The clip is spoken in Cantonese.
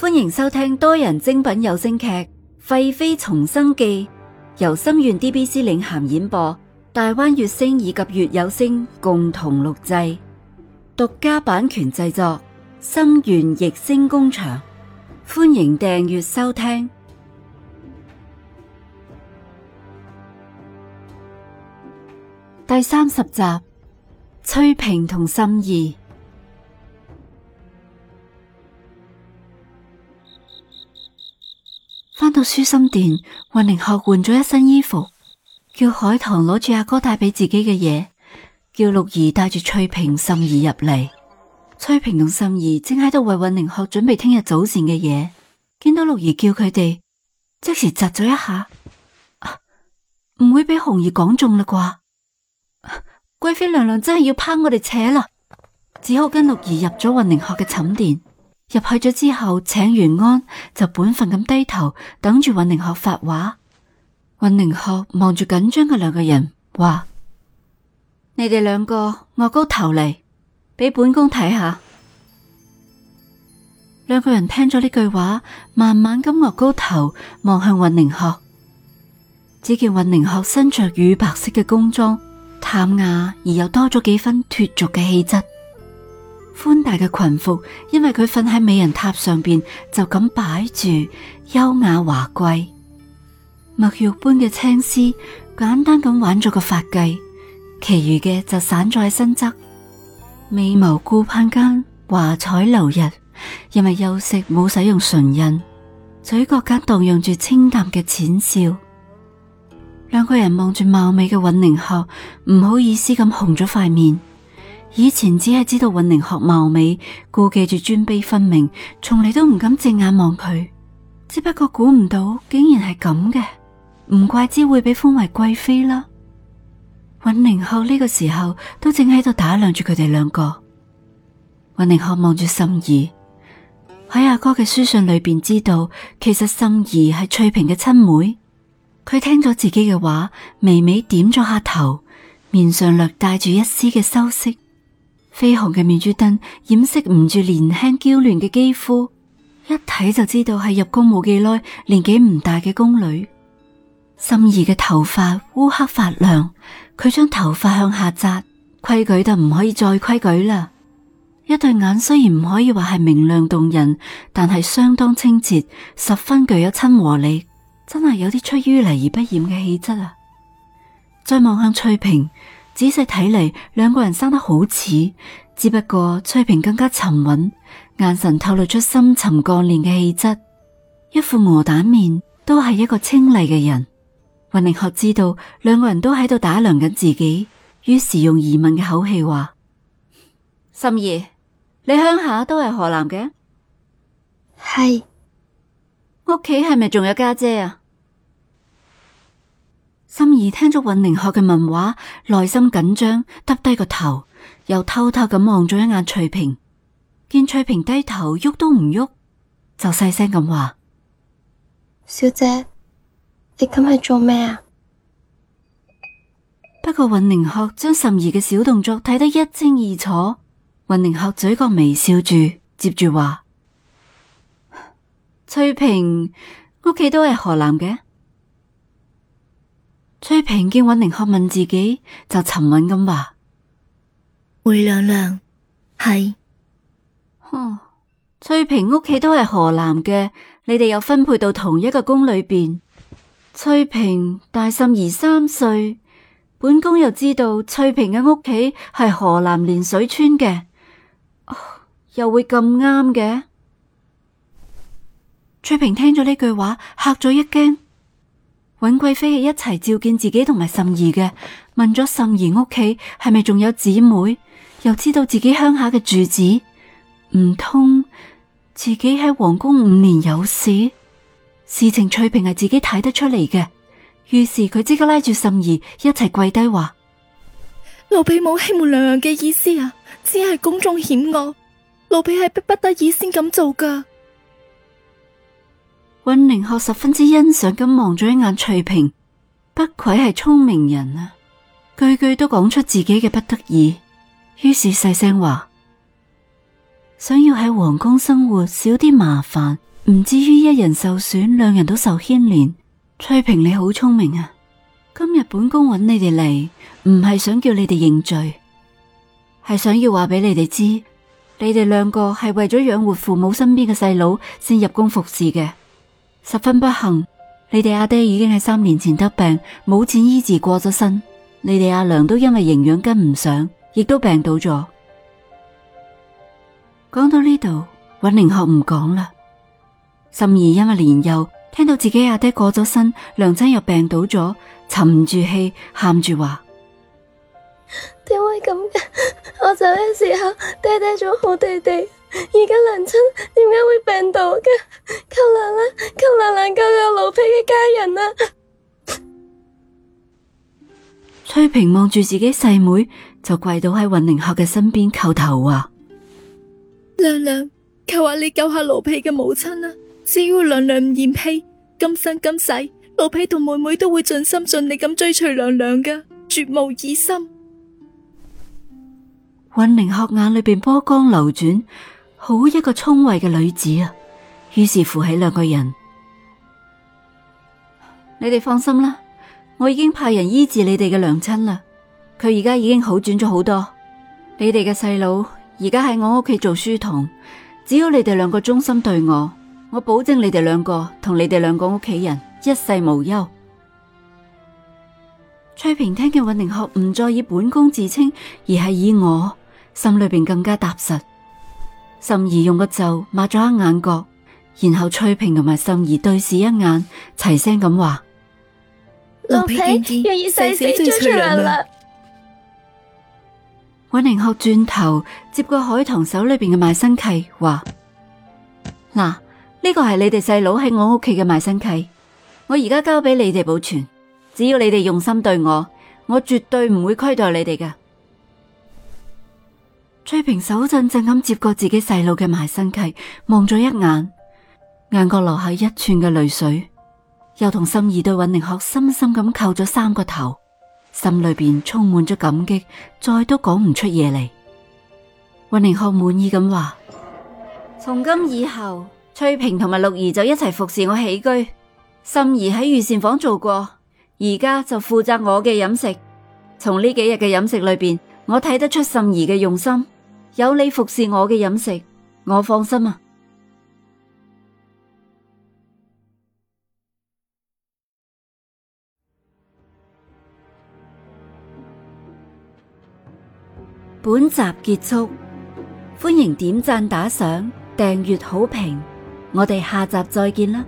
歡迎收聽多人精品有聲劇《廢妃重生記》，由心願 DBC 領銜演播，大灣月星以及月有聲共同錄製，獨家版權製作，心願逸聲工場。歡迎訂閱收聽第三十集《翠屏同沁兒》。翻到舒心殿，運寧學換咗一身衣服，叫海棠攞住阿哥帶俾自己嘅嘢，叫六兒帶住翠屏心、沁兒入嚟。翠屏同沁兒正喺度為運寧學準備聽日早膳嘅嘢，見到六兒叫佢哋，即時窒咗一下，唔、啊、會俾紅兒講中啦啩？貴、啊、妃娘娘真係要拚我哋扯啦，只好跟六兒入咗運寧學嘅寢殿。入去咗之後，請完安就本分咁低頭等住尹寧鶴發話。尹寧鶴望住緊張嘅兩個人，話：你哋兩個卧高頭嚟，俾本宮睇下。兩個人聽咗呢句話，慢慢咁卧高頭望向尹寧鶴，只見尹寧鶴身着乳白色嘅宮裝，淡雅而又多咗幾分脱俗嘅氣質。寬大嘅裙服，因為佢瞓喺美人榻上邊，就咁擺住，優雅華貴。墨玉般嘅青絲，簡單咁挽咗個髮髻，其餘嘅就散在身側。美眸顧盼間，華彩流溢。因為休息冇使用唇印，嘴角間蕩漾住清淡嘅淺笑。兩個人望住貌美嘅韻寧后，唔好意思咁紅咗塊面。以前只係知道尹寧學貌美，顧忌住尊卑分明，從嚟，都唔敢正眼望佢。只不過估唔到竟然係咁嘅，唔怪之會俾封為貴妃啦。尹寧學呢個時候都正喺度打量住佢哋兩個。尹寧學望住沁兒，喺阿哥嘅書信裏邊知道，其實沁兒係翠屏嘅親妹。佢聽咗自己嘅話，微微點咗下頭，面上略帶住一絲嘅羞澀。緋紅嘅面珠燈掩飾唔住年輕嬌嫩嘅肌膚，一睇就知道係入宮冇幾耐、年紀唔大嘅宮女。沁兒嘅頭髮烏黑發亮，佢將頭髮向下紮，規矩得唔可以再規矩啦。一對眼雖然唔可以話係明亮動人，但係相當清澈，十分具有親和力，真係有啲出於泥而不染嘅氣質啊！再望向翠屏。仔細睇嚟，兩個人生得好似，只不過翠屏更加沉穩，眼神透露出深沉幹練嘅氣質，一副鵝蛋面，都係一個清麗嘅人。云凌鶴知道兩個人都喺度打量緊自己，於是用疑問嘅口氣話：，沁兒，你鄉下都係河南嘅？係是，屋企係咪仲有家姐啊？沁兒聽咗尹寧學嘅問話，內心緊張，耷低個頭，又偷偷咁望咗一眼翠屏。見翠屏低頭，喐都唔喐，就細聲咁話：小姐，你咁係做咩啊？不過尹寧學將沁兒嘅小動作睇得一清二楚，尹寧學嘴角微笑住，接住話： 翠屏，屋企都係河南嘅。翠屏見尹寧鶴問自己，就沉穩咁話：，回娘娘，係。哼，翠屏屋企都係河南嘅，你哋又分配到同一個宮裏邊。翠屏大沁兒三歲，本宮又知道翠屏嘅屋企係河南連水村嘅，又會咁啱嘅。翠屏聽咗呢句話，嚇咗一驚。尹貴妃喺一齊召見自己同埋沁兒嘅，問咗沁兒屋企係咪仲有姊妹，又知道自己鄉下嘅住址，唔通自己喺皇宮五年有事？事情翠屏係自己睇得出嚟嘅。於是佢即刻拉住沁兒一齊跪低話：，奴婢冇欺瞞娘娘嘅意思啊，只係宮中險惡，奴婢係逼不得已先咁做噶。温寧學十分之欣賞咁望咗一眼翠屏，不愧係聰明人啊！句句都講出自己嘅不得已。於是細聲話：想要喺皇宮生活少啲麻煩，唔至於一人受損，兩人都受牽連。翠屏你好聰明啊！今日本宮揾你哋嚟，唔係想叫你哋認罪，係想要話俾你哋知，你哋兩個係為咗養活父母身邊嘅細佬先入宮服侍嘅。十分不幸，你哋阿爹,爹已經喺三年前得病，冇錢醫治過咗身。你哋阿娘都因為營養跟唔上，亦都病倒咗。講到呢度，尹寧學唔講啦。沁兒因為年幼，聽到自己阿爹,爹過咗身，娘親又病倒咗，沉唔住氣，喊住話：點會咁嘅？我走嘅時候，爹爹仲好哋哋。而家娘親點解會病到嘅啊？求娘娘，求娘娘救救奴婢嘅家人啊！翠屏望住自己細妹，就跪到喺尹寧鶴嘅身邊叩頭啊。娘娘，求下你救下奴婢嘅母親啊！只要娘娘唔嫌棄，今生今世，奴婢同妹妹都會盡心盡力咁追隨娘娘嘅，絕無二心。尹寧鶴眼裏邊波光流轉。好一個聰慧嘅女子啊！於是扶起兩個人，你哋放心啦，我已經派人醫治你哋嘅娘親啦，佢而家已經好轉咗好多。你哋嘅細佬而家喺我屋企做書童，只要你哋兩個忠心對我，我保證你哋兩個同你哋兩個屋企人一世無憂。翠屏聽見運寧學唔再以本宮自稱，而係以我，心裏邊更加踏實。沁兒用個袖抹咗一眼角，然後翠屏同埋沁兒對視一眼，齊聲咁話：老皮佩，願意制死死出嚟啦！韋寧學轉頭接過海棠手裏邊嘅賣身契，話：嗱，呢個係你哋細佬喺我屋企嘅賣身契，我而家交俾你哋保存。只要你哋用心對我，我絕對唔會虧待你哋嘅。翠屏手震震咁接過自己細佬嘅埋身契，望咗一眼，眼角流下一串嘅淚水，又同沁兒對尹寧學深深咁叩咗三個頭，心裏邊充滿咗感激，再都講唔出嘢嚟。尹寧學滿意咁話：從今以後，翠屏同埋六兒就一齊服侍我起居，沁兒喺御膳房做過，而家就負責我嘅飲食。從呢幾日嘅飲食裏邊，我睇得出沁兒嘅用心。有你服侍我嘅飲食，我放心啊！本集結束，歡迎點贊、打賞、訂閱、好評，我哋下集再見啦！